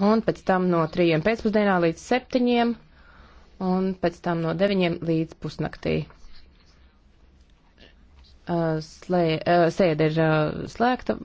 un pēc tam no trījiem pēcpusdienā līdz septiņiem, un pēc tam no deviņiem līdz pusnaktī. Uh, slē, uh, sēde ir uh, slēgta.